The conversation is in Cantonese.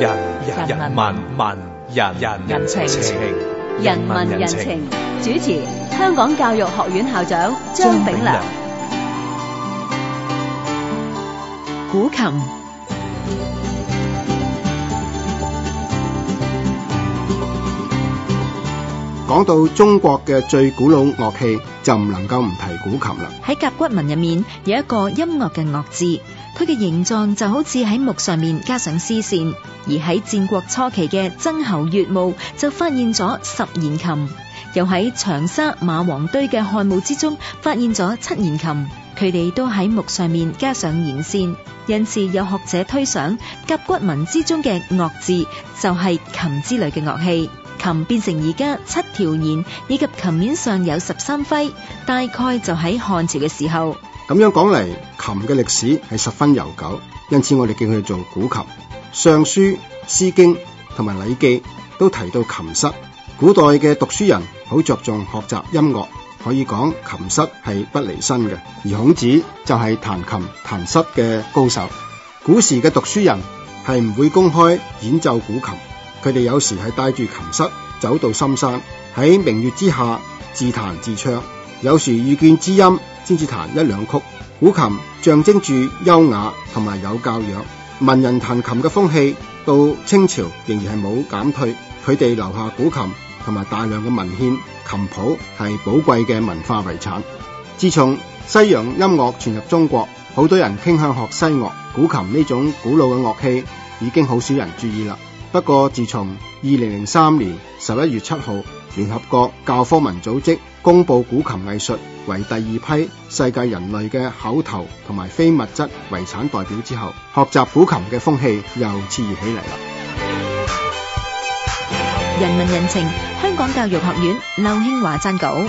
人人，人，人文文人人，人情，人文人情，人文人情主持，香港教育學院校長張炳良，古琴。講到中國嘅最古老樂器，就唔能夠唔提古琴啦。喺甲骨文入面有一個音樂嘅樂字，佢嘅形狀就好似喺木上面加上絲線。而喺戰國初期嘅曾侯乙墓就發現咗十弦琴，又喺長沙馬王堆嘅漢墓之中發現咗七弦琴。佢哋都喺木上面加上弦線，因此有學者推想甲骨文之中嘅樂字就係琴之類嘅樂器。琴變成而家七條弦，以及琴面上有十三徽，大概就喺漢朝嘅時候。咁樣講嚟，琴嘅歷史係十分悠久，因此我哋叫佢做古琴。尚書、詩經同埋禮記都提到琴瑟。古代嘅讀書人好着重學習音樂，可以講琴瑟係不離身嘅。而孔子就係彈琴彈瑟嘅高手。古時嘅讀書人係唔會公開演奏古琴。佢哋有時係帶住琴瑟走到深山，喺明月之下自彈自唱；有時遇見知音先至彈一兩曲。古琴象徵住優雅同埋有教養，文人彈琴嘅風氣到清朝仍然係冇減退。佢哋留下古琴同埋大量嘅文獻琴譜，係寶貴嘅文化遺產。自從西洋音樂傳入中國，好多人傾向學西樂，古琴呢種古老嘅樂器已經好少人注意啦。不過，自從二零零三年十一月七號，聯合國教科文組織公布古琴藝術為第二批世界人類嘅口頭同埋非物質遺產代表之後，學習古琴嘅風氣又熾熱起嚟啦。人民人情，香港教育學院，劉興華撰稿。